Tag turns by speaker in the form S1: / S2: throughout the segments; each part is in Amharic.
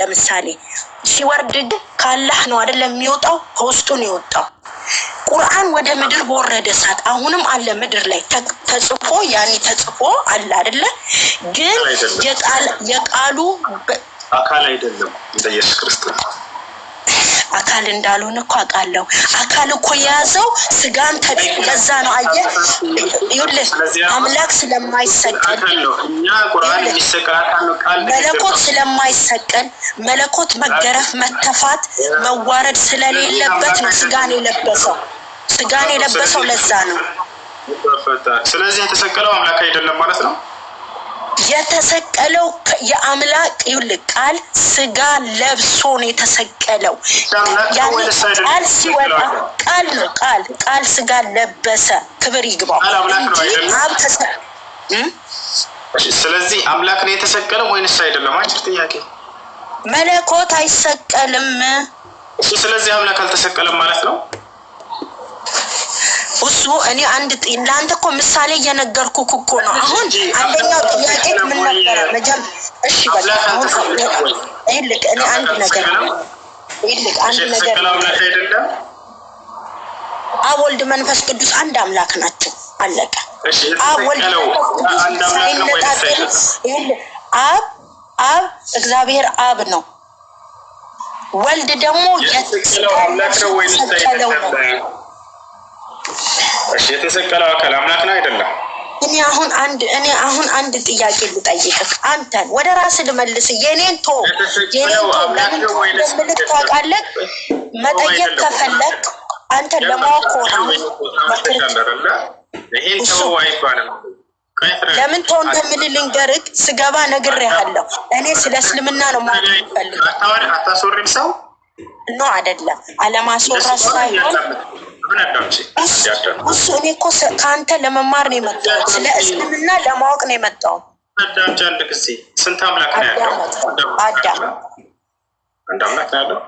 S1: ለምሳሌ ሲወርድ ካላህ ከአላህ ነው አይደለም የሚወጣው፣ ከውስጡ ነው የወጣው። ቁርአን ወደ ምድር በወረደ ሰዓት አሁንም አለ ምድር ላይ ተጽፎ ያኔ ተጽፎ አለ አደለ ግን የቃሉ
S2: አካል አይደለም ኢየሱስ ክርስቶስ
S1: አካል እንዳልሆነ እኮ አውቃለሁ። አካል እኮ የያዘው ስጋን ተ ለዛ ነው አየ ይኸውልህ፣ አምላክ ስለማይሰቀል መለኮት ስለማይሰቀል መለኮት መገረፍ፣ መተፋት፣ መዋረድ ስለሌለበት ነው ስጋን የለበሰው። ስጋን የለበሰው ለዛ ነው።
S2: ስለዚህ የተሰቀለው አምላክ አይደለም ማለት ነው።
S1: የተሰቀለው የአምላክ ይውል ቃል ስጋ ለብሶ ነው የተሰቀለው። ቃል ሲወጣ ቃል ነው ቃል ቃል ስጋ ለበሰ። ክብር ይግባው
S2: ስለዚህ አምላክ ነው የተሰቀለው ወይንስ አይደለም? አጭር ጥያቄ።
S1: መለኮት አይሰቀልም።
S2: ስለዚህ አምላክ አልተሰቀለም ማለት ነው።
S1: እሱ እኔ አንድ ለአንተ እኮ ምሳሌ እየነገርኩ እኮ ነው። አሁን አንደኛው ጥያቄ ምን ነበረ? መጀም እሺ፣ በቃ ይልቅ እኔ አንድ ነገር ይልቅ አንድ ነገር አብ ወልድ መንፈስ ቅዱስ አንድ አምላክ ናቸው። አለቀ።
S2: አብ ወልድ ቅዱስ
S1: ሳይነጣጠል አብ አብ እግዚአብሔር አብ ነው። ወልድ ደግሞ
S2: የተሰቀለው ነው እሺ የተሰቀለው አካል አምላክ ነው አይደለም?
S1: እኔ አሁን አንድ እኔ አሁን አንድ ጥያቄ ልጠይቅህ፣ አንተን ወደ ራስ ልመልስ። የኔን ቶ የኔን ቶ ታውቃለህ? መጠየቅ ከፈለግ አንተ ለማወቅ ሆነ
S2: ይህን ሰው አይባልም።
S1: ለምን ተው እንደምልህ ልንገርህ። ስገባ ነግሬሃለሁ። እኔ ስለ እስልምና ነው ማለት
S2: ፈልግ አታስወርም ሰው
S1: ኖ አይደለም አለማስወራት ሳይሆን እሱ እኔ እኮ ከአንተ ለመማር ነው የመጣሁት። ስለ እስልምና ለማወቅ ነው የመጣሁት።
S2: አዳምጪ። አንድ ጊዜ ስንት አምላክ ነው
S1: ያለው? አዳም
S2: አንድ አምላክ ነው ያለው።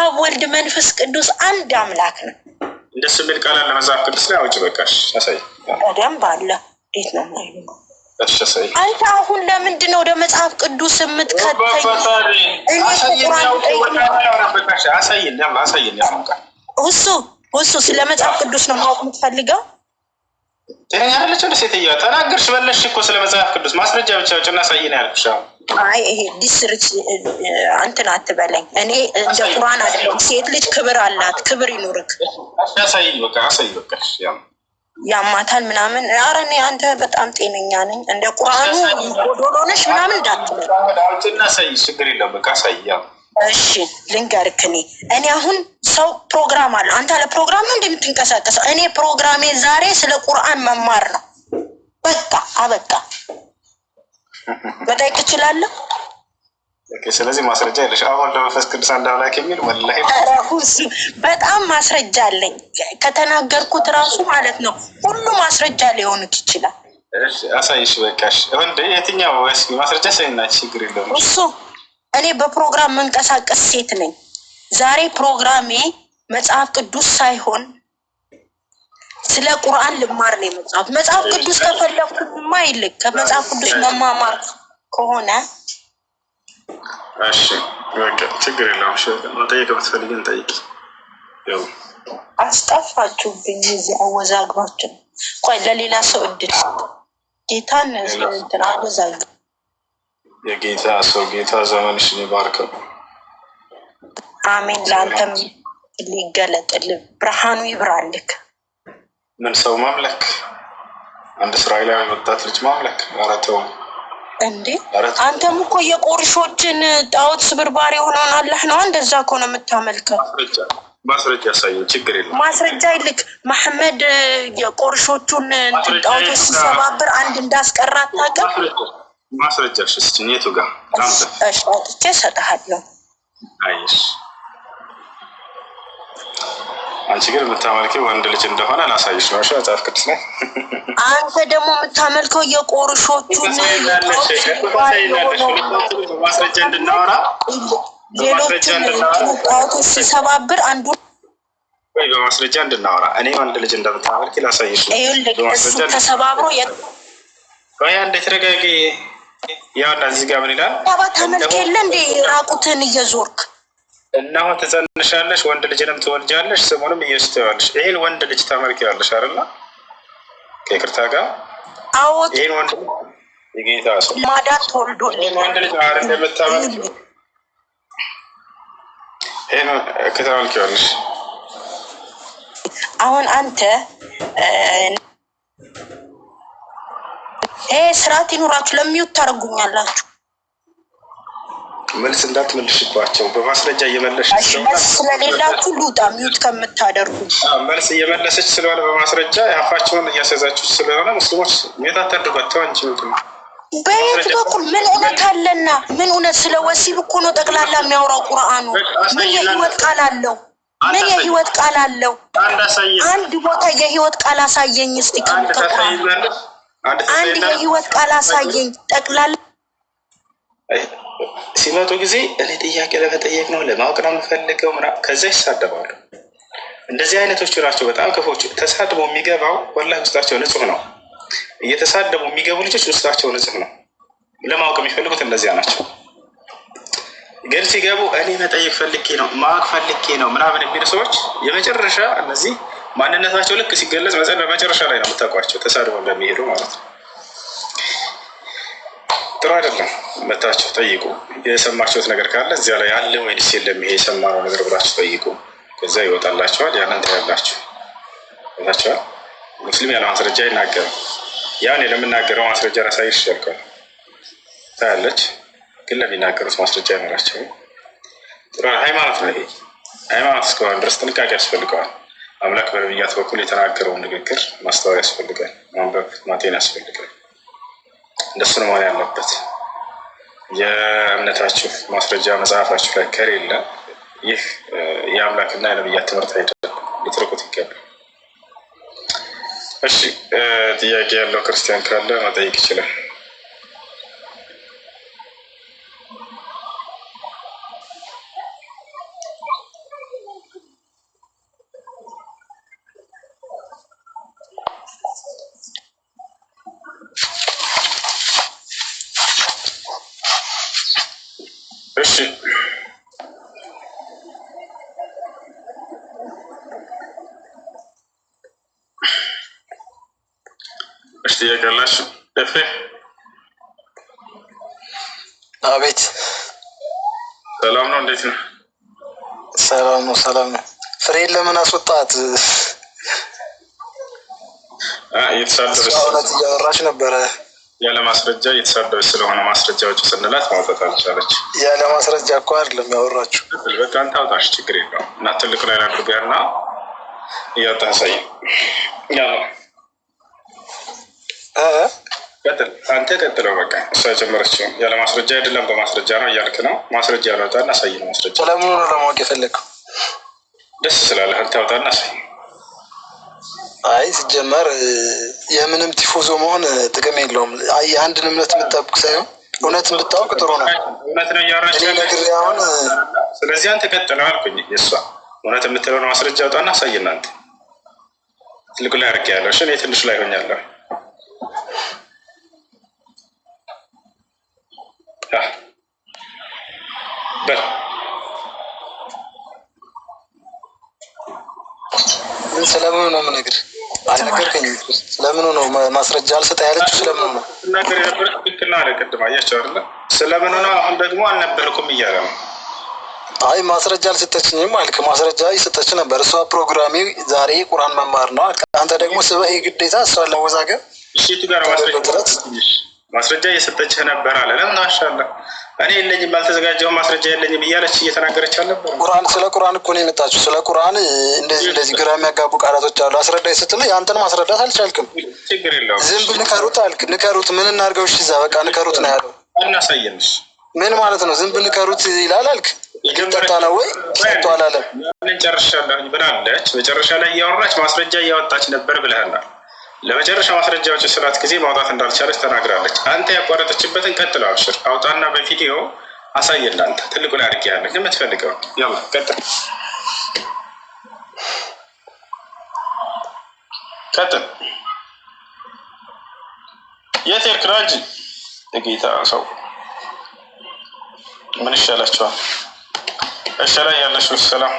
S1: አብ ወልድ፣ መንፈስ ቅዱስ አንድ አምላክ ነው።
S2: እንደሱ የሚል ቃል አለ መጽሐፍ ቅዱስ ላይ አውጭ። በቃሽ ያሳይ
S1: በደንብ አለ። እንዴት ነው አንተ አሁን ለምንድን ነው ወደ መጽሐፍ ቅዱስ የምትከተኝ? እሱ ስለ መጽሐፍ ቅዱስ ነው ማወቅ የምትፈልገው።
S2: ጤነኛ አይደለች ወደ ሴትዮዋ ተናገርሽ በለሽ እኮ ስለ መጽሐፍ ቅዱስ ማስረጃ ብቻ ውጭ እና ሳይ ነው ያልኩሽ።
S1: አይ ይሄ ዲስርች እንትን አትበለኝ። እኔ እንደ ቁርአን አይደለም። ሴት ልጅ ክብር አላት። ክብር ይኑርክ።
S2: አሳይኝ በቃ አሳይኝ በቃ
S1: ያማታል ምናምን። ኧረ እኔ አንተ በጣም ጤነኛ ነኝ፣ እንደ ቁርአኑ ጎዶሎ ነሽ ምናምን
S2: እንዳትልናሳይ፣ ችግር የለም በቃ
S1: እሺ ልንገርክ፣ እኔ እኔ አሁን ሰው ፕሮግራም አለው። አንተ አለ ፕሮግራም እንደምትንቀሳቀሰው እኔ ፕሮግራሜ ዛሬ ስለ ቁርአን መማር ነው። በቃ አበቃ። መጠየቅ እችላለሁ
S2: ስለዚህ ማስረጃ የለሽ። አሁን ለመንፈስ ቅዱስ አንድ አምላክ የሚል ወላሂ
S1: በጣም ማስረጃ አለኝ ከተናገርኩት ራሱ ማለት ነው። ሁሉ ማስረጃ ሊሆኑት ይችላል።
S2: አሳይሽ በቃሽ። ወንድ የትኛው እስኪ ማስረጃ ሰኝና ችግር የለውም
S1: እሱ። እኔ በፕሮግራም መንቀሳቀስ ሴት ነኝ። ዛሬ ፕሮግራሜ መጽሐፍ ቅዱስ ሳይሆን ስለ ቁርአን ልማር ነው። መጽሐፍ መጽሐፍ ቅዱስ ከፈለግኩማ ይልቅ ከመጽሐፍ ቅዱስ መማማር ከሆነ
S2: እሺ በቃ ችግር የለውም። መጠየቅ ብትፈልግን
S1: ያው አስጠፋችሁብኝ እዚህ አወዛግባችሁ። ቆይ ለሌላ ሰው እድል ጌታን እንትን አወዛግ
S2: የጌታ ሰው ጌታ ዘመንሽን ይባርከው።
S1: አሜን። ለአንተም ሊገለጥልህ ብርሃኑ ይብራልክ።
S2: ምን ሰው ማምለክ አንድ እስራኤላዊ ወጣት ልጅ ማምለክ ኧረ
S1: እንዴ አንተም እኮ የቆርሾችን ጣዖት ስብርባሪ ሆነን አላህ ነው። እንደዛ እኮ ነው የምታመልከው።
S2: ማስረጃ ያሳየው ችግር የለም።
S1: ማስረጃ ይልቅ መሐመድ የቆርሾቹን ጣዖቶች ሲሰባብር አንድ እንዳስቀራ ታቀም
S2: ማስረጃ ሽስችን የቱ ጋር አይሽ አንቺ ግን የምታመልከው ወንድ ልጅ እንደሆነ ላሳይሽ ነው። መጽሐፍ ቅዱስ ላይ
S1: አንተ ደግሞ የምታመልከው የቆርሾቹን
S2: ማስረጃ እንድናወራ
S1: ሌሎች ሲሰባብር አንዱ
S2: ወይ በማስረጃ እንድናወራ እኔ ወንድ ልጅ እንደምታመልክ ላሳይሽ
S1: ነው። ተሰባብሮ
S2: ወይ አንዴ ተረጋጊ። ያው እዚህ ጋር ምን ይላል?
S1: ተመልክ የለ እንዴ ራቁትን እየዞርክ
S2: እናሆ ትጸንሻለሽ ወንድ ልጅንም ትወልጃለሽ፣ ስሙንም ኢየሱስ ትይዋለሽ። ይህን ወንድ ልጅ ታመልኪዋለሽ አይደል? ከይቅርታ ጋር ይህን ወንድ የጌታ ሰው
S1: ማዳን ተወልዶልኝ
S2: ወንድ ልጅ አይደል የምታመልኪው? ይህን ከታመልኪዋለሽ።
S1: አሁን አንተ ይሄ ስርዓት ይኑራችሁ ለሚዩት ታደርጉኛላችሁ
S2: መልስ እንዳትመልሽባቸው በማስረጃ እየመለሽ
S1: ስለሌላችሁ ሉጣ ሚዩት ከምታደርጉ
S2: መልስ እየመለሰች ስለሆነ በማስረጃ አፋቸውን እያስያዛችሁ ስለሆነ ሙስሊሞች ሜታ ታደርጓቸው አንቺ
S1: በየት በኩል ምን እውነት አለና ምን እውነት ስለ ወሲብ እኮ ነው ጠቅላላ የሚያወራው ቁርአኑ ምን የህይወት ቃል አለው ምን የህይወት ቃል አለው አንድ ቦታ የህይወት ቃል አሳየኝ እስቲ አንድ የህይወት ቃል አሳየኝ ጠቅላላ
S2: ሲመጡ ጊዜ እኔ ጥያቄ ለመጠየቅ ነው ለማወቅ ነው የምፈልገው፣ ከዛ ይሳደባሉ። እንደዚህ አይነቶቹ ናቸው በጣም ክፎች። ተሳድበው የሚገባው ወላሂ ውስጣቸው ንጹህ ነው። እየተሳደቡ የሚገቡ ልጆች ውስጣቸው ንጹህ ነው። ለማወቅ የሚፈልጉት እንደዚያ ናቸው። ግን ሲገቡ እኔ መጠየቅ ፈልጌ ነው ማወቅ ፈልጌ ነው ምናምን የሚሉ ሰዎች የመጨረሻ እነዚህ ማንነታቸው ልክ ሲገለጽ መጨረሻ ላይ ነው የምታውቋቸው፣ ተሳድበው እንደሚሄዱ ማለት ነው። ጥሩ አይደለም። መታችሁ ጠይቁ። የሰማችሁት ነገር ካለ እዚያ ላይ አለ ወይንስ የለም ይሄ የሰማነው ነገር ብላችሁ ጠይቁ። ከዚያ ይወጣላችኋል። ያንን ታያላችሁ። ታችኋል። ሙስሊም ያለ ማስረጃ አይናገርም። ያኔ ለምናገረው ማስረጃ ላሳይሽ ይሻልካል። ታያለች፣ ግን ለሚናገሩት ማስረጃ ይኖራቸው። ጥሩ ሃይማኖት ነው። ይሄ ሃይማኖት እስከሆነ ድረስ ጥንቃቄ ያስፈልገዋል። አምላክ በነብያት በኩል የተናገረውን ንግግር ማስተዋል ያስፈልጋል። ማንበብ ማጤን ያስፈልጋል። እንደሱ ነው መሆን ያለበት። የእምነታችሁ ማስረጃ መጽሐፋችሁ ላይ ከሌለ ይህ የአምላክና የነብያት ትምህርት አይደለም፣ ልትርቁት ይገባል። እሺ፣ ጥያቄ ያለው ክርስቲያን ካለ መጠየቅ ይችላል። አይደላችሁ? ደፍሬ አቤት። ሰላም ነው? እንዴት ነው?
S3: ሰላም ነው። ሰላም ነው። ፍሬን ለምን አስወጣት? እውነት እያወራች ነበረ።
S2: ያለ ማስረጃ እየተሳደበች ስለሆነ ማስረጃዎች ስንላት ማውጣት አልቻለች።
S3: ያለ ማስረጃ እኮ አይደለም ያወራችሁ።
S2: በቃ አንተ አውጣሽ ችግር የለውም እና ትልቅ ላይ አድርጋና እያወጣ ያሳይ አንተ ቀጥለው በቃ እሷ የጀመረችው ያለ ማስረጃ አይደለም፣ በማስረጃ ነው እያልክ ነው። ማስረጃ ያወጣ እናሳይ ነው።
S3: ማስረጃ ለምኑ ነው ለማወቅ የፈለግከው?
S2: ደስ ስላለህ አንተ ያወጣ እናሳይ።
S3: አይ ሲጀመር የምንም ቲፎዞ መሆን ጥቅም የለውም። የአንድን እምነት የምጠብቅ ሳይሆን እውነት የምታወቅ ጥሩ ነው። እውነት ነው እያወራች አሁን
S2: ስለዚህ አንተ ቀጥለው አልኩኝ። የእሷ እውነት የምትለውን ማስረጃ ያወጣ እናሳይ። እናንተ ትልቁ ላይ አድርጌ ያለው እኔ ትንሹ ላይ ሆኛለሁ
S3: ስለምኑ ነው የምነግርህ? አልነገርከኝም። ስለምኑ ነው ማስረጃ አልሰጥ ያለችው? ስለምኑ ነው
S2: ነገር አለ። ቅድም አያቸው አለ። ስለምኑ ነው አሁን ደግሞ አልነበርኩም እያለ ነው።
S3: አይ ማስረጃ አልሰጠችኝም አልክ። ማስረጃ ይሰጠች ነበር። እሷ ፕሮግራሚ ዛሬ ቁርአን መማር ነው። አንተ ደግሞ ስበህ ግዴታ እሷ ለወዛገብ
S2: እሺቱ ጋር ማስረጃ እየሰጠችህ ነበር አለ። ለምን ማሻላ እኔ የለኝም ባልተዘጋጀው ማስረጃ የለኝም እያለች እየተናገረች አልነበር?
S3: ቁርአን ስለ ቁርአን እኮ ነው የመጣችው። ስለ ቁርአን እንደዚህ እንደዚህ ግራ የሚያጋቡ ቃላቶች አሉ አስረዳኝ ስትል የአንተን ማስረዳት አልቻልክም። ችግር የለውም ዝም ብለህ ንከሩት አልክ። ንከሩት ምን እናድርገው? እሺ እዛ በቃ ንከሩት ነው ያለው።
S2: እናሳየንሽ
S3: ምን ማለት ነው? ዝም ብለህ ንከሩት ይላል አልክ። ግን ጠጣ ነው ወይ ጠጡ አላለም።
S2: ምን ጨርሻለሁ ብላለች። መጨረሻ ላይ እያወራች ማስረጃ እያወጣች ነበር ብለህናል ለመጨረሻ ማስረጃዎች የሰላት ጊዜ ማውጣት እንዳልቻለች ተናግራለች። አንተ ያቋረጠችበትን ቀጥለው አብሽር አውጣና በቪዲዮ አሳየን። ለአንተ ትልቁ ላይ አድርግ ያለ ግን የምትፈልገው ያው ቀጥል ቀጥል። የት ሄድክ ነው ሰው ምን ይሻላችኋል? እሺ ላይ ያለሽ ሰላም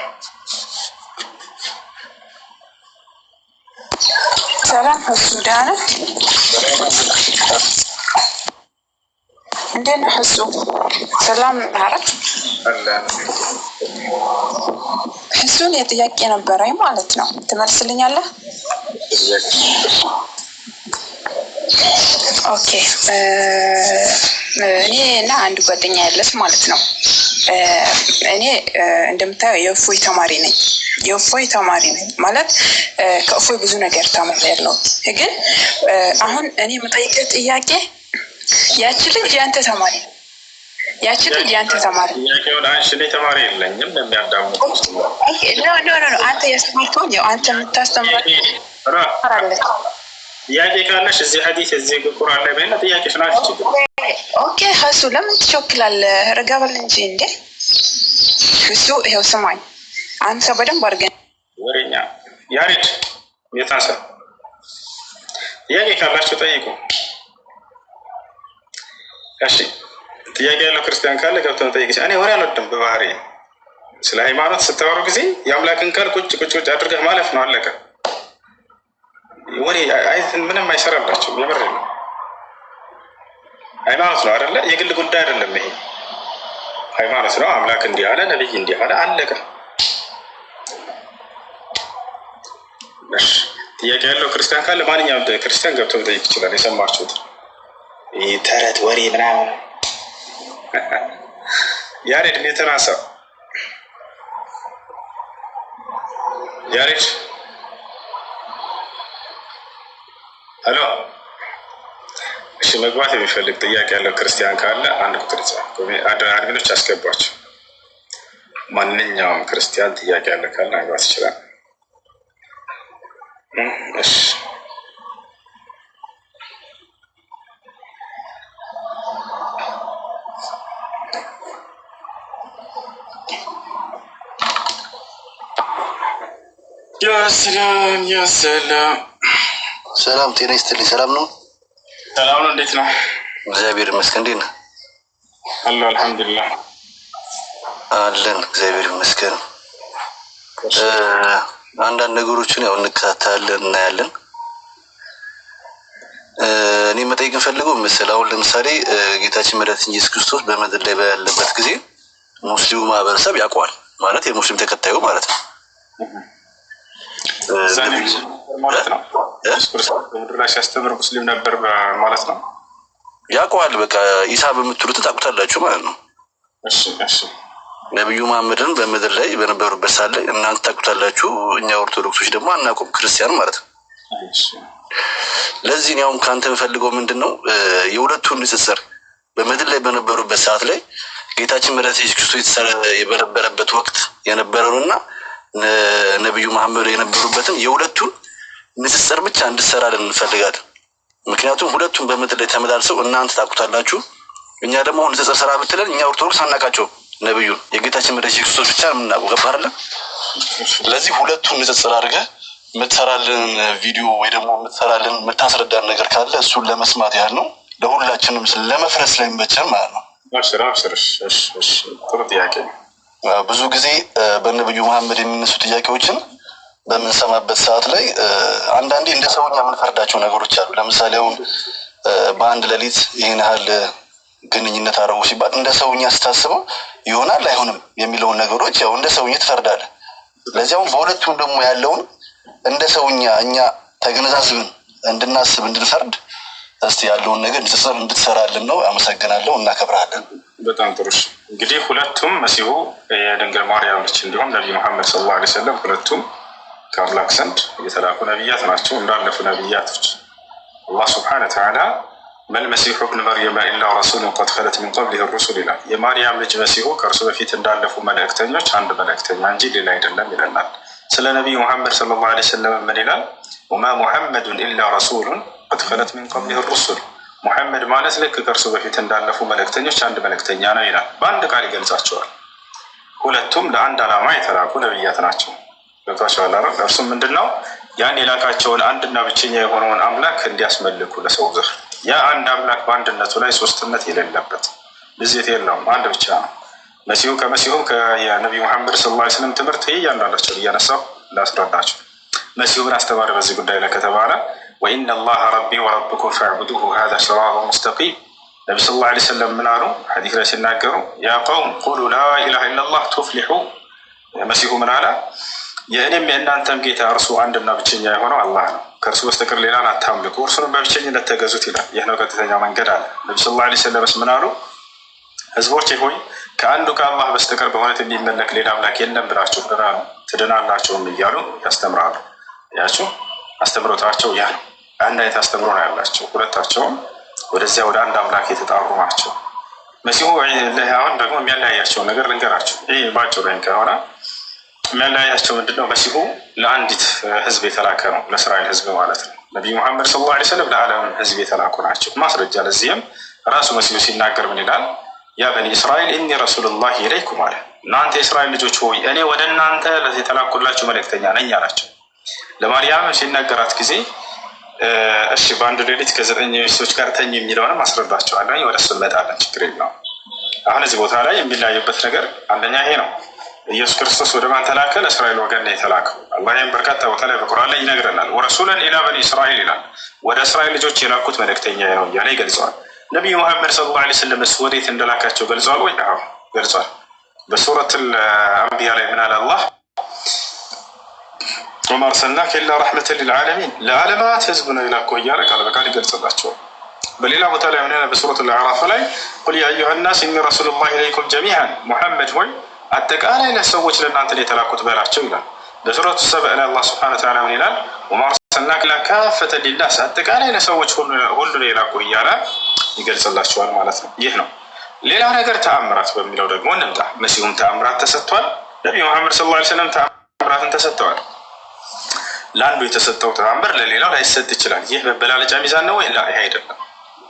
S4: ሰላም ህሱ ደህና ነህ? እንዴት ነህ? እሱ ሰላም አረፍ እሱን የጥያቄ ነበረኝ ማለት ነው። ትመልስልኛለህ? ኦኬ እኔ እና አንድ ጓደኛ ያለች ማለት ነው እኔ እንደምታየው የእፎይ ተማሪ ነኝ። የእፎይ ተማሪ ነኝ ማለት ከእፎይ ብዙ ነገር ተምሬያለሁ ነው። ግን አሁን እኔ የምጠይቅህ ጥያቄ ያቺ ልጅ የአንተ ተማሪ ነው። ያቺ ልጅ የአንተ ተማሪ
S2: ተማሪ የለኝም።
S4: አንተ ያስተማርከውን ያው አንተ የምታስተምራት
S2: ጥያቄ ካለሽ እዚህ ሐዲስ እዚህ ቁርአን ላይ ጥያቄ
S4: ኦኬ እሱ ለምን ትቸኩላለህ? ረጋ በል እንጂ እንዴ። እሱ ይኸው ስማኝ፣ ሰው በደንብ አድርገን
S2: ወሬኛ ያሬድ የታሰ ጥያቄ ካላችሁ ጠይቁ። እሺ ጥያቄ ያለው ክርስቲያን ካለ ገብተን ጠይቅ። እኔ ወሬ አልወድም በባህሪ ስለ ሃይማኖት ስታወሩ ጊዜ የአምላክን ቃል ቁጭ ቁጭ ቁጭ አድርገህ ማለፍ ነው። አለቀ። ወሬ ምንም አይሰራላቸው የምር ነው ሃይማኖት ነው አይደለ? የግል ጉዳይ አይደለም። ይሄ ሃይማኖት ነው። አምላክ እንዲህ አለ፣ ነቢይ እንዲህ አለ፣ አለቀ። ጥያቄ ያለው ክርስቲያን ካለ ማንኛውም ክርስቲያን ገብቶ መጠየቅ ይችላል። የሰማችሁት
S3: ይህ ተረት ወሬ ምናምን
S2: ያሬድ ሰው ያሬድ ሄሎ እሺ መግባት የሚፈልግ ጥያቄ ያለው ክርስቲያን ካለ አንድ ቁጥር አድሚኖች አስገቧቸው። ማንኛውም ክርስቲያን ጥያቄ ያለው ካለ መግባት ይችላል። እሺ
S3: ሰላም ጤና ይስጥልኝ። ሰላም ነው
S2: ሰላም ነው። እንዴት ነው?
S3: እግዚአብሔር ይመስገን። እንዴት ነው
S2: አሉ? አልሐምዱሊላህ
S3: አለን። እግዚአብሔር ይመስገን። አንዳንድ ነገሮችን ያው እንከታተላለን፣ እናያለን። እኔ መጠየቅ እንፈልገው ምስል አሁን ለምሳሌ ጌታችን መድኃኒታችን ኢየሱስ ክርስቶስ በምድር ላይ ባለበት ጊዜ ሙስሊሙ ማህበረሰብ ያውቀዋል ማለት የሙስሊም ተከታዩ ማለት ነው
S2: ማለት ነው። ኢየሱስ ክርስቶስ በምድር ላይ ሲያስተምር ሙስሊም ነበር ማለት ነው።
S3: ያውቀዋል። በቃ ኢሳ በምትሉት ታውቁታላችሁ ማለት ነው። ነቢዩ መሐመድን በምድር ላይ በነበሩበት ሳለ እናንተ ታውቁታላችሁ፣ እኛ ኦርቶዶክሶች ደግሞ አናውቅም፣ ክርስቲያን ማለት ነው። ለዚህ ያውም ከአንተ የምፈልገው ምንድን ነው የሁለቱ ንጽጽር በምድር ላይ በነበሩበት ሰዓት ላይ ጌታችን መድኃኒታችን ኢየሱስ ክርስቶስ የበረበረበት ወቅት የነበረውንና ነቢዩ መሐመድ የነበሩበትን የሁለቱን ንጽጽር ብቻ እንድሰራልን እንፈልጋለን። ምክንያቱም ሁለቱም በምድር ላይ ተመላልሰው እናንተ ታውቁታላችሁ፣ እኛ ደግሞ ንጽጽር ስራ ብትለን እኛ ኦርቶዶክስ አናውቃቸው ነብዩን የጌታችን መድኃኒታችን ክርስቶስ ብቻ የምናውቀው ገባህ አይደለ? ስለዚህ ሁለቱን ንጽጽር አድርገህ የምትሰራልን ቪዲዮ ወይ ደግሞ የምትሰራልን የምታስረዳን ነገር ካለ እሱን ለመስማት ያህል ነው፣ ለሁላችንም ለመፍረስ ላይ መቸም ማለት ነው። ጥሩ ጥያቄ። ብዙ ጊዜ በነብዩ መሐመድ የሚነሱ ጥያቄዎችን በምንሰማበት ሰዓት ላይ አንዳንዴ እንደ ሰውኛ የምንፈርዳቸው ነገሮች አሉ። ለምሳሌ አሁን በአንድ ሌሊት ይህን ያህል ግንኙነት አረጉ ሲባል እንደ ሰውኛ ስታስበው ይሆናል አይሆንም የሚለውን ነገሮች ያው እንደ ሰውኛ ለዚህ አሁን በሁለቱም ደግሞ ያለውን እንደ ሰውኛ እኛ ተገነዛዝብን እንድናስብ እንድንፈርድ እስቲ ያለውን ነገር ንጽጽር እንድትሰራልን ነው። አመሰግናለሁ፣ እናከብራለን።
S2: በጣም ጥሩ። እንግዲህ ሁለቱም መሲሁ የድንግል ማርያም ልጅ እንዲሁም ነቢ መሐመድ ሰለላሁ ዓለይሂ ወሰለም ሁለቱም ከአምላክ ዘንድ የተላኩ ነቢያት ናቸው እንዳለፉ ነቢያቶች። አላህ ስብሓነ መል መልመሲሑ ብን መርየመ ኢላ ረሱሉን ቀድ ኸለት ሚን ቀብሊህ ሩሱል ይላል። የማርያም ልጅ መሲሁ ከእርሱ በፊት እንዳለፉ መልእክተኞች አንድ መልእክተኛ እንጂ ሌላ አይደለም ይለናል። ስለ ነቢዩ ሙሐመድ ሰለላሁ ዐለይሂ ወሰለም ምን ይላል? ወማ ሙሐመዱን ኢላ ረሱሉን ቀድ ኸለት ሚን ቀብሊህ ሩሱል ሙሐመድ ማለት ልክ ከእርሱ በፊት እንዳለፉ መልእክተኞች አንድ መልእክተኛ ነው ይላል። በአንድ ቃል ይገልጻቸዋል። ሁለቱም ለአንድ ዓላማ የተላኩ ነቢያት ናቸው። ገብቷቸዋል አይደል? እርሱም ምንድን ነው ያን የላካቸውን አንድና ብቸኛ የሆነውን አምላክ እንዲያስመልኩ ለሰው ዘር ያ አንድ አምላክ በአንድነቱ ላይ ሶስትነት የሌለበት ብዜት የለውም፣ አንድ ብቻ ነው። መሲሁ ከመሲሁ የነቢዩ መሐመድ ስለ ላ ስለም ትምህርት ይህ እያነሳው ላስረዳቸው። መሲሁ ምን አስተማረ በዚህ ጉዳይ ላይ ከተባለ ወኢነ ላሀ ረቢ ወረብኩም ፈዕቡዱሁ ሀዛ ሲራጡ ሙስተቂም ነቢ ስ ላ ሰለም ምን አሉ ሐዲስ ላይ ሲናገሩ ያ ቀውም ቁሉ ላኢላሃ ኢለላህ ቱፍሊሑ መሲሁ ምን አለ የእኔም የእናንተም ጌታ እርሱ አንድና ብቸኛ የሆነው አላህ ነው። ከእርሱ በስተቀር ሌላን አታምልኩ፣ እርሱንም በብቸኝነት ተገዙት ይላል። ይህ ነው ቀጥተኛው መንገድ አለ። ነቢ ስ ላ ሰለመስ ምን አሉ? ህዝቦች ሆይ ከአንዱ ከአላህ በስተቀር በእውነት የሚመለክ ሌላ አምላክ የለም ብላችሁ ድናሉ ትድናላችሁም እያሉ ያስተምራሉ። ያቸው አስተምሮታቸው ያ ነው። አንድ አይነት አስተምሮ ነው ያላቸው። ሁለታቸውም ወደዚያ ወደ አንድ አምላክ የተጣሩ ናቸው። መሲሁ አሁን ደግሞ የሚያለያያቸውን ነገር ልንገራቸው። ይህ ባጭሩ ከሆነ መለያቸው ምንድን ነው? መሲሁ ለአንዲት ህዝብ የተላከ ነው፣ ለእስራኤል ህዝብ ማለት ነው። ነቢዩ መሐመድ ሰለላሁ ዓለይሂ ወሰለም ለዓለም ህዝብ የተላኩ ናቸው። ማስረጃ ለዚህም ራሱ መሲሁ ሲናገር ምን ይላል? ያ በኒ እስራኤል እኒ ረሱሉላህ ኢለይኩም አለ። እናንተ የእስራኤል ልጆች ሆይ እኔ ወደ እናንተ የተላኩላችሁ መልእክተኛ ነኝ አላቸው። ለማርያም ሲነገራት ጊዜ እሺ በአንድ ሌሊት ከዘጠኝ ሚስቶች ጋር ተኝ የሚለውንም አስረዳቸዋለሁ። ወደ እሱ እንመጣለን፣ ችግር የለውም። አሁን እዚህ ቦታ ላይ የሚለያዩበት ነገር አንደኛ ይሄ ነው። ኢየሱስ ክርስቶስ ወደ ማን ተላከ? ለእስራኤል ወገን ነው የተላከው። አላህ ይህም በርካታ ቦታ ላይ በቁርአን ላይ ይነግረናል። ወረሱለን ኢላ በኒ እስራኤል ይላል። ወደ እስራኤል ልጆች የላኩት መልእክተኛ ነው እያለ ይገልጸዋል። ነቢዩ መሐመድ ሰለላሁ ዐለይሂ ወሰለም ወዴት እንደላካቸው ገልጸዋል ወይ? አዎ ገልጿል። በሱረት አልአንቢያ ላይ ምናል አላህ ወማ አርሰልናከ ኢላ ረሕመተን ልልዓለሚን ለዓለማት ህዝብ ነው ይላኮ እያለ ቃል በቃል ይገልጽላቸዋል። በሌላ ቦታ ላይ ምንለ በሱረት አልአዕራፍ ላይ ቁል ያ አዩሃ ናስ ኢኒ ረሱሉላህ ኢለይኩም ጀሚዓን ሙሐመድ ሆይ አጠቃላይ ሰዎች ለእናንተ የተላኩት በላቸው ይላል። በሱረቱ ሰብእ ላይ አላህ ሱብሓነሁ ወተዓላ ምን ይላል? ወማ አርሰልናከ ኢላ ካፈተን ሊናስ አጠቃላይ ሰዎች ሁሉ ነው የላኩህ እያለ ይገልጽላቸዋል ማለት ነው። ይህ ነው። ሌላ ነገር ተአምራት በሚለው ደግሞ እንምጣ። መሲሁም ተአምራት ተሰጥቷል። ነቢ መሐመድ ሰለላሁ ዓለይሂ ወሰለም ተአምራትን ተሰጥተዋል። ለአንዱ የተሰጠው ተአምር ለሌላው ላይሰጥ ይችላል። ይህ መበላለጫ ሚዛን ነው ወይ? ይህ አይደለም፣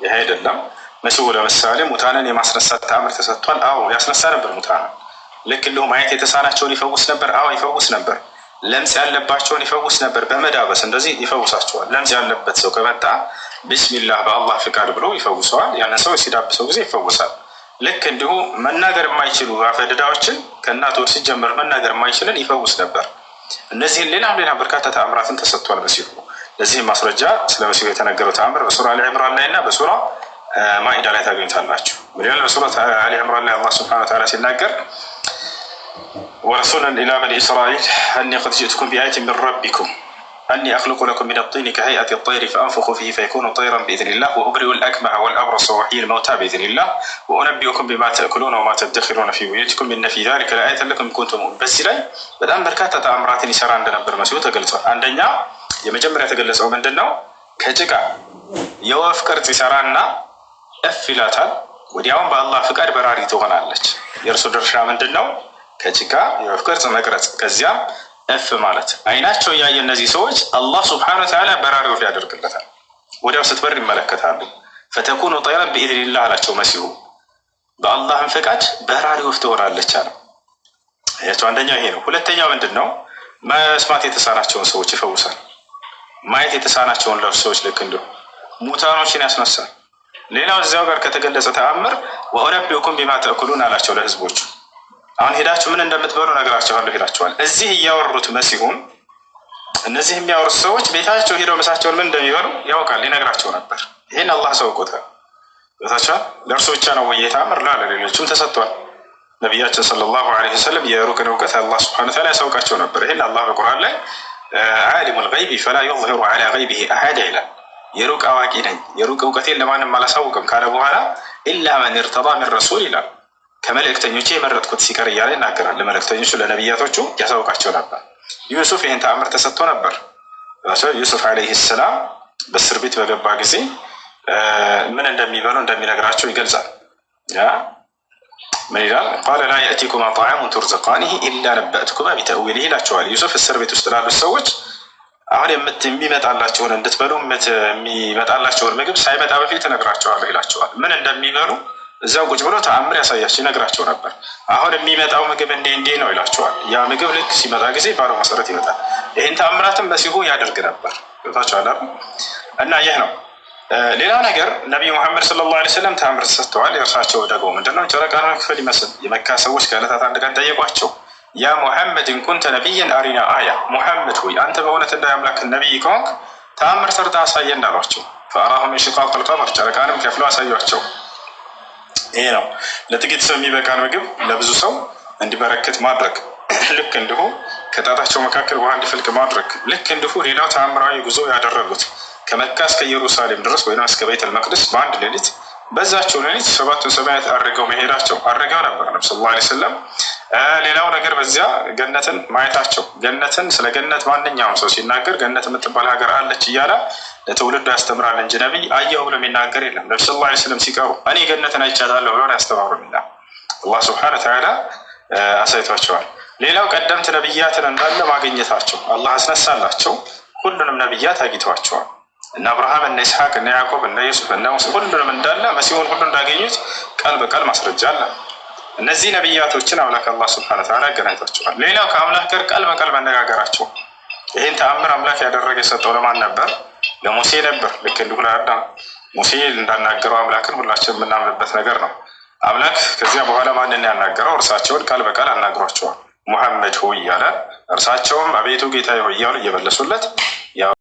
S2: ይህ አይደለም። መሲሁ ለምሳሌ ሙታንን የማስነሳት ተአምር ተሰጥቷል። አዎ ያስነሳ ነበር ሙታንን ልክ እንዲሁም ማየት የተሳናቸውን ይፈውስ ነበር። አዎ ይፈውስ ነበር። ለምጽ ያለባቸውን ይፈውስ ነበር። በመዳበስ እንደዚህ ይፈውሳቸዋል። ለምጽ ያለበት ሰው ከመጣ ቢስሚላህ በአላህ ፍቃድ ብሎ ይፈውሰዋል። ያንን ሰው ሲዳብሰው ጊዜ ይፈውሳል። ልክ እንዲሁ መናገር የማይችሉ አፈድዳዎችን ከእናት ወር ሲጀምር መናገር የማይችልን ይፈውስ ነበር። እነዚህን ሌላ ሌላ በርካታ ተአምራትን ተሰጥቷል መሲሁ። ለዚህ ማስረጃ ስለ መሲሁ የተነገረው ተአምር በሱራ አሊ ዕምራን ላይ እና በሱራ ማኢዳ ላይ ታገኙታላችሁ። ምን ይላል? በሱራ አሊ ዕምራን ላይ አላህ ስብሐነሁ ወተዓላ ሲናገር ورسولا إلى بني إسرائيل أني قد جئتكم بآية من ربكم أني أخلق لكم من الطين كهيئة الطير فأنفخ فيه فيكون طيرا بإذن الله وأبرئ الأكمه والأبرص وأحيي الموتى بإذن الله وأنبئكم بما تأكلون وما تدخرون في بيوتكم إن في ذلك لآية لكم كنتم بس ላይ በጣም በርካታ ተአምራትን ይሰራ እንደነበር መሲሁ ተገልጿል። አንደኛ የመጀመሪያ የተገለጸው ምንድን ነው? ከጭቃ የወፍ ቅርጽ افلاتا እፍ ይላታል። بالله فكر براري تغنى لك يرسل ድርሻ عند ነው? ከጭቃ የወፍ ቅርጽ መቅረጽ ከዚያም እፍ ማለት አይናቸው እያየ እነዚህ ሰዎች አላህ ስብሐነ ወተዓላ በራሪ ወፍ ያደርግለታል። ወዲያው ስትበር ይመለከታሉ። ፈተኩኑ ጠይረን ብኢዝኒላህ አላቸው መሲሁ። በአላህም ፈቃድ በራሪ ወፍ ትሆናለች አለ። ያቸው አንደኛው ይሄ ነው። ሁለተኛው ምንድን ነው? መስማት የተሳናቸውን ሰዎች ይፈውሳል። ማየት የተሳናቸውን ሰዎች ልክ እንዲሁ ሙታኖችን ያስነሳል። ሌላው እዚያው ጋር ከተገለጸ ተአምር ወአነቢኡኩም ቢማ ተእኩሉን አላቸው ለህዝቦቹ አሁን ሄዳችሁ ምን እንደምትበሉ ነግራችኋለሁ። ሄዳችኋል። እዚህ እያወሩት መሲሁን እነዚህ የሚያወሩት ሰዎች ቤታቸው ሄደው ምሳቸውን ምን እንደሚበሉ ያውቃል፣ ይነግራቸው ነበር። ይህን አላህ አሳውቆታል። ቤታቸዋል ለእርሱ ብቻ ነው ወይ የታምር ላ ለሌሎችም ተሰጥቷል። ነቢያችን ሰለላሁ ዐለይሂ ወሰለም የሩቅን እውቀት አላህ ስብሐነ ወተዓላ ያሳውቃቸው ነበር። ይህን አላህ በቁርአን ላይ ዓሊሙል ገይቢ ፈላ ዩዝሂሩ ዐላ ገይቢሂ አሐድ ይላል። የሩቅ አዋቂ ነኝ የሩቅ እውቀቴን ለማንም አላሳውቅም ካለ በኋላ ኢላ መን እርተዳ ምን ረሱል ይላል ከመልእክተኞች የመረጥኩት ሲቀር እያለ ይናገራል። ለመልእክተኞቹ ለነቢያቶቹ ያሳውቃቸው ነበር። ዩሱፍ ይህን ተአምር ተሰጥቶ ነበር። ዩሱፍ ዓለይሂ ሰላም በእስር ቤት በገባ ጊዜ ምን እንደሚበሉ እንደሚነግራቸው ይገልጻል። ምን ይላል? ቃለ ላ የእቲኩማ ጣዓሙን ቱርዘቃኒህ ኢላ ነበእትኩማ ቢተእዊልህ ይላቸዋል። ዩሱፍ እስር ቤት ውስጥ ላሉት ሰዎች አሁን የሚመጣላቸውን እንድትበሉ የሚመጣላቸውን ምግብ ሳይመጣ በፊት እነግራቸዋለሁ ይላቸዋል። ምን እንደሚበሉ እዛው ቁጭ ብሎ ተአምር ያሳያቸው ይነግራቸው ነበር። አሁን የሚመጣው ምግብ እንዲህ እንዴ ነው ይላቸዋል። ያ ምግብ ልክ ሲመጣ ጊዜ ባለው መሰረት ይመጣል። ይህን ተአምራትን በሲሁ ያደርግ ነበር። ገብታችኋል እና ይህ ነው። ሌላ ነገር ነቢዩ ሙሐመድ ሰለላሁ ዐለይሂ ወሰለም ተአምር ሰጥተዋል። የእርሳቸው ደግሞ ምንድነው ጨረቃን ክፍል ይመስል የመካ ሰዎች ከዕለታት አንድ ቀን ጠየቋቸው። ያ ሙሐመድ እንኩንተ ነቢይን አሪና አያ ሙሐመድ ሆይ አንተ በእውነት እንደ አምላክ ነቢይ ከሆንክ ተአምር ሰርታ አሳየን አሏቸው። ፈአራሁም ሽቃቅ አልቀመር ጨረቃንም ከፍሎ አሳያቸው። ይሄ ነው ለጥቂት ሰው የሚበቃን ምግብ ለብዙ ሰው እንዲበረክት ማድረግ ልክ እንዲሁ ከጣታቸው መካከል ውሃ እንዲፈልቅ ማድረግ ልክ እንዲሁ ሌላው ተአምራዊ ጉዞ ያደረጉት ከመካ እስከ ኢየሩሳሌም ድረስ ወይም እስከ ቤተል መቅደስ በአንድ ሌሊት በዛቸው ሌሊት ሰባቱን ሰማያት አድርገው መሄዳቸው አድርገው ነበር ነብ ስለ ላ ስለም። ሌላው ነገር በዚያ ገነትን ማየታቸው ገነትን ስለ ገነት ማንኛውም ሰው ሲናገር ገነት የምትባል ሀገር አለች እያለ ለትውልዱ ያስተምራል እንጂ ነቢይ አየሁ ብሎ የሚናገር የለም። ነብ ስለ ላ ስለም ሲቀሩ እኔ ገነትን አይቻታለሁ ብሎ ያስተባብሩና አላህ ስብሓነ ተዓላ አሳይቷቸዋል። ሌላው ቀደምት ነብያትን እንዳለ ማግኘታቸው አላህ አስነሳላቸው። ሁሉንም ነብያት አግኝተዋቸዋል። እነ አብርሃም እነ ኢስሐቅ እነ ያዕቆብ እነ ዩሱፍ እነ ሙሴ ሁሉንም እንዳለ መሲሆን ሁሉ እንዳገኙት ቃል በቃል ማስረጃ አለ። እነዚህ ነቢያቶችን አምላክ አላህ ስብሐነ ወተዓላ ያገናኝቷቸዋል። ሌላው ከአምላክ ጋር ቃል በቃል መነጋገራቸው። ይህን ተአምር አምላክ ያደረገ የሰጠው ለማን ነበር? ለሙሴ ነበር። ልክ እንዲሁ ለአዳም ሙሴ እንዳናገረው አምላክን ሁላችን የምናምንበት ነገር ነው። አምላክ ከዚያ በኋላ ማንን ያናገረው? እርሳቸውን ቃል በቃል አናግሯቸዋል። ሙሐመድ ሆይ እያለ እርሳቸውም አቤቱ ጌታ ሆይ እያሉ እየመለሱለት